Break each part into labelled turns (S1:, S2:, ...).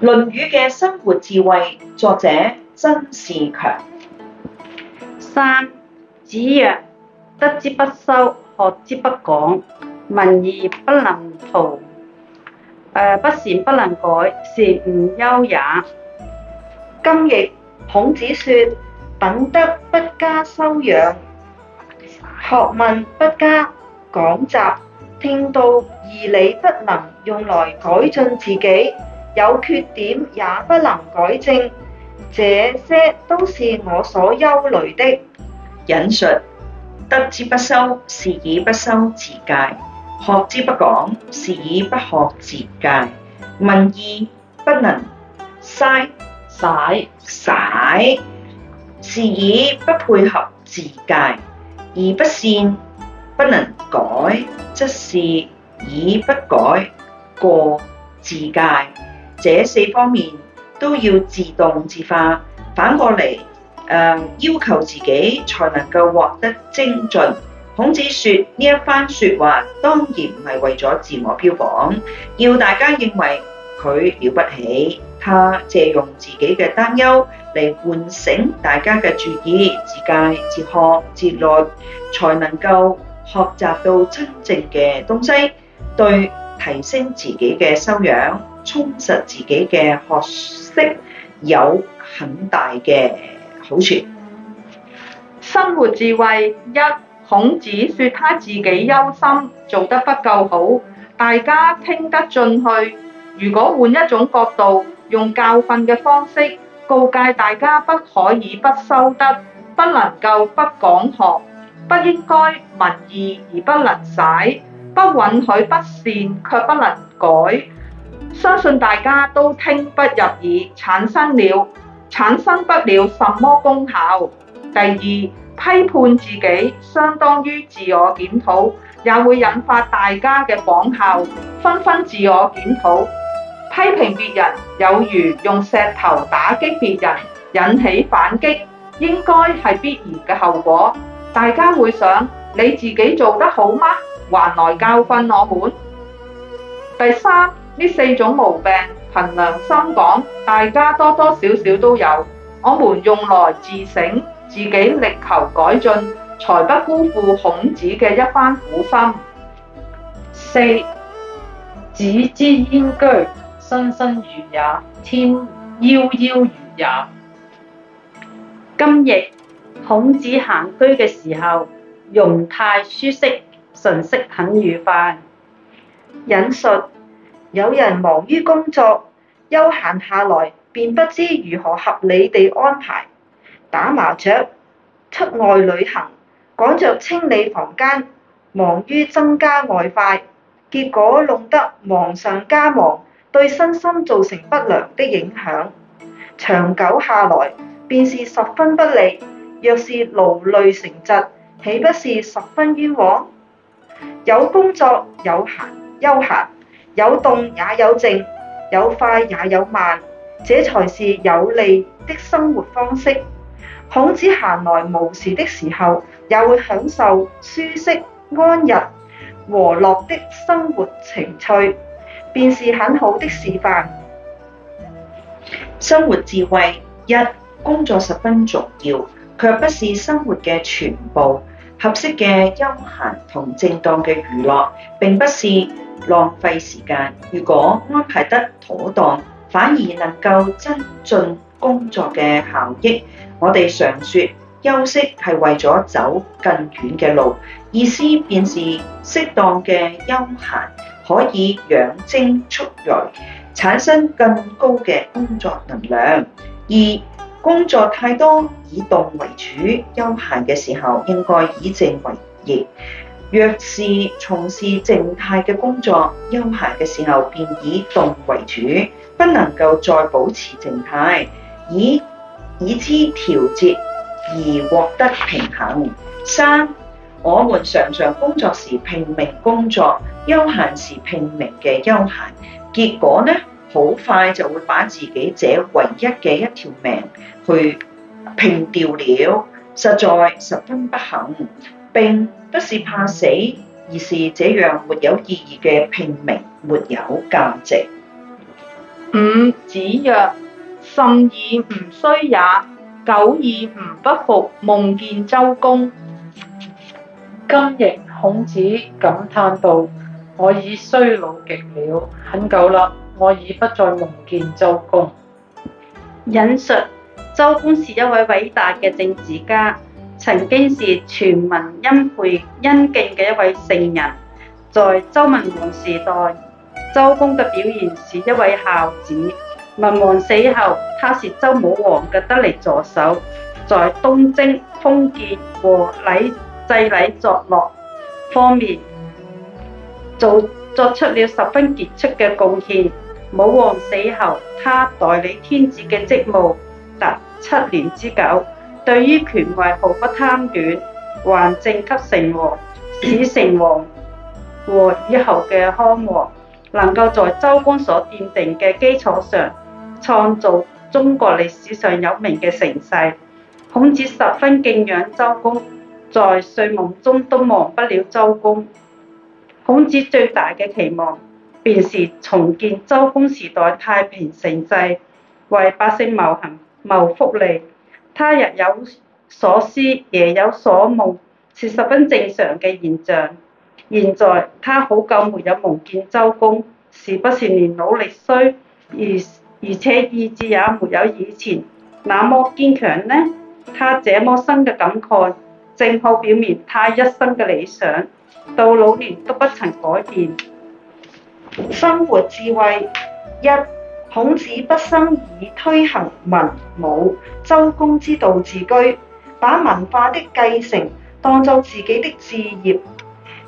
S1: 《論語》嘅生活智慧，作者曾仕強。三子曰：德之不修，學之不講，聞義不能逃，誒不善不能改，是吾憂也。今亦孔子説：品德
S2: 不加修養，學問不加講習，聽到義理不能用來改進自己。有缺點也不能改正，這些都是我所憂慮的。引述：德之不修，是以不修自戒，學之不講，是以不學自戒，聞義不能嘥曬曬，是以不配合自戒，而不善不能改，則是以不改過自戒。這四方面都要自動自發，反過嚟、呃、要求自己，才能夠獲得精進。孔子説呢一番説話當然唔係為咗自我標榜，要大家認為佢了不起。他借用自己嘅擔憂嚟喚醒大家嘅注意，自戒、自學、自律，才能夠學習到真正嘅東西，對提升自己嘅修養。充實自己嘅學識有很大嘅好處。
S3: 生活智慧一，孔子說他自己憂心做得不夠好，大家聽得進去。如果換一種角度，用教訓嘅方式告誡大家，不可以不修德，不能夠不講學，不應該聞義而不能徙，不允許不善卻不能改。相信大家都聽不入耳，產生了，產生不了什麼功效。第二，批判自己相當於自我檢討，也會引發大家嘅仿效，紛紛自我檢討。批評別人有如用石頭打擊別人，引起反擊，應該係必然嘅後果。大家會想，你自己做得好嗎？還來教訓我們？第三。呢四種毛病，憑良心講，大家多多少少都有。我們用來自省，自己力求改進，才不辜負孔子嘅一番苦心。四子之燕居，申申如也，
S1: 天夭夭如也。今譯孔子行居嘅時候，容態舒適，神色很愉快。引述。有人忙於工作，休
S2: 閒下來便不知如何合理地安排，打麻雀、出外旅行、趕着清理房間、忙於增加外快，結果弄得忙上加忙，對身心造成不良的影響。長久下來，便是十分不利。若是勞累成疾，豈不是十分冤枉？有工作，有閒，休閒。有動也有靜，有快也有慢，這才是有利的生活方式。孔子閒來無事的時候，也會享受舒適、安逸、和樂的生活情趣，便是很好的示範。生活智慧一，工作十分重要，卻不是生活嘅全部。合適嘅休閒同正當嘅娛樂，並不是。浪費時間。如果安排得妥當，反而能夠增進工作嘅效益。我哋常説休息係為咗走更遠嘅路，意思便是適當嘅休閒可以養精蓄鋭，產生更高嘅工作能量。二、工作太多以動為主，休閒嘅時候應該以靜為宜。若是從事靜態嘅工作，休閒嘅時候便以動為主，不能夠再保持靜態，以以之調節而獲得平衡。三，我們常常工作時拼命工作，休閒時拼命嘅休閒，結果呢，好快就會把自己這唯一嘅一條命去拼掉了，實在十分不幸。並不是怕死，而是這樣沒有意義嘅拼命，沒有價值。
S3: 五，子曰：甚矣吾衰也！久矣吾不復夢見周公。今譯，孔子感嘆
S4: 道：我已衰老極了，很久啦，我已不再夢見周
S1: 公。引述：周公是一位偉大嘅政治家。曾經是全民欽佩恩敬嘅一位聖人，在周文王時代，周公嘅表現是一位孝子。文王死後，他是周武王嘅得力助手，在東征、封建和禮祭禮作樂方面，做作出了十分傑出嘅貢獻。武王死後，他代理天子嘅職務，達七年之久。對於權位毫不貪戀，還正政給成王，使成王和以後嘅康王，能夠在周公所奠定嘅基礎上，創造中國歷史上有名嘅盛世。孔子十分敬仰周公，在睡夢中都忘不了周公。孔子最大嘅期望，便是重建周公時代太平盛世，為百姓謀幸、謀福利。他日有所思，夜有所夢，是十分正常嘅現象。現在他好久沒有夢見周公，是不是年老力衰，而而且意志也沒有以前那麼堅強呢？他這麼深嘅感慨，正好表明他一生嘅理想，到老年都不曾改變。生活智慧一。孔子
S2: 畢生以推行文武周公之道自居，把文化的繼承當作自己的事業。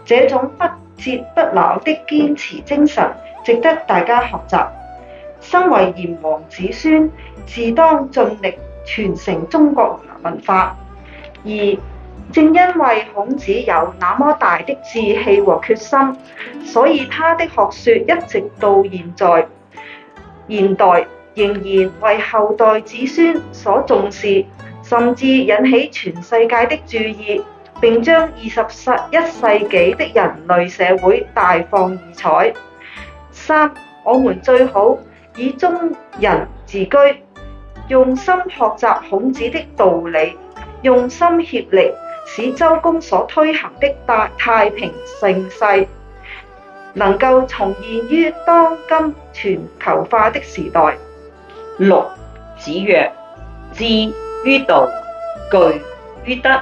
S2: 這種不折不撓的堅持精神，值得大家學習。身為炎黃子孫，自當盡力傳承中國文化。而正因為孔子有那麼大的志氣和決心，所以他的學說一直到現在。現代仍然為後代子孫所重視，甚至引起全世界的注意，並將二十一世紀的人類社會大放異彩。三，我們最好以中人自居，用心學習孔子的道理，用心協力，使周公所推行的大太平盛世，能夠重現於當今全球化的時代。六子曰：志於道，據
S3: 於德，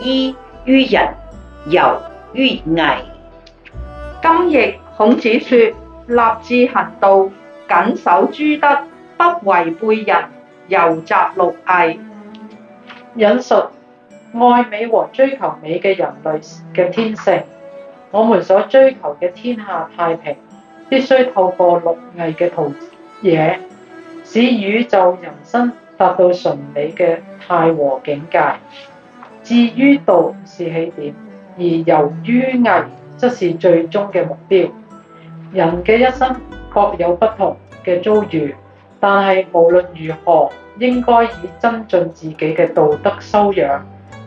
S3: 依於仁，遊於藝。今亦孔子説：立志行道，謹守諸德，不違背仁，遊雜六藝。引述
S4: 愛美和追求美嘅人類嘅天性。我們所追求嘅天下太平，必須透過六藝嘅陶冶，使宇宙人生達到純美嘅太和境界。至於道是起點，而由於藝則是最終嘅目標。人嘅一生各有不同嘅遭遇，但係無論如何，應該以增進自己嘅道德修養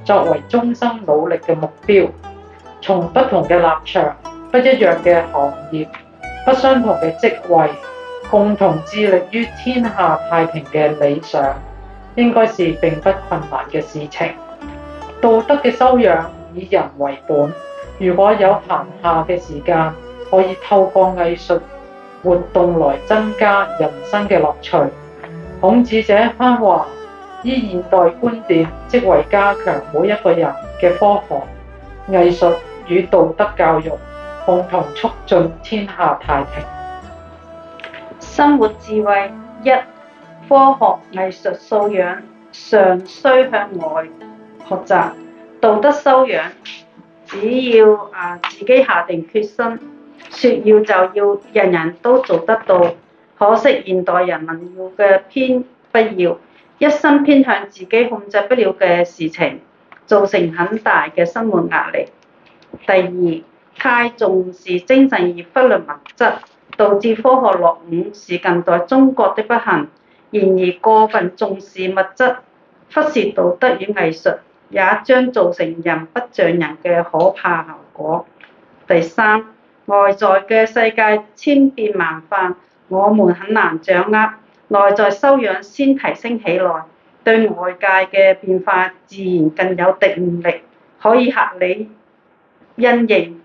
S4: 作為終生努力嘅目標。從不同嘅立場、不一樣嘅行業、不相同嘅職位，共同致力於天下太平嘅理想，應該是並不困難嘅事情。道德嘅修養以人為本，如果有閒暇嘅時間，可以透過藝術活動來增加人生嘅樂趣。孔子這一番話，以現代觀點，即為加強每一個人嘅科學。藝術與道德教育共同促進天下太平。
S1: 生活智慧一，科學藝術素養尚需向外學習，道德修養只要啊自己下定決心，說要就要，人人都做得到。可惜現代人能要嘅偏不要，一心偏向自己控制不了嘅事情。造成很大嘅生活壓力。第二，太重視精神而忽略物質，導致科學落伍是近代中國的不幸。然而過分重視物質，忽視道德與藝術，也將造成人不像人嘅可怕效果。第三，外在嘅世界千變萬化，我們很難掌握，內在修養先提升起來。對外界嘅變化，自然更有定力，可以合理因應。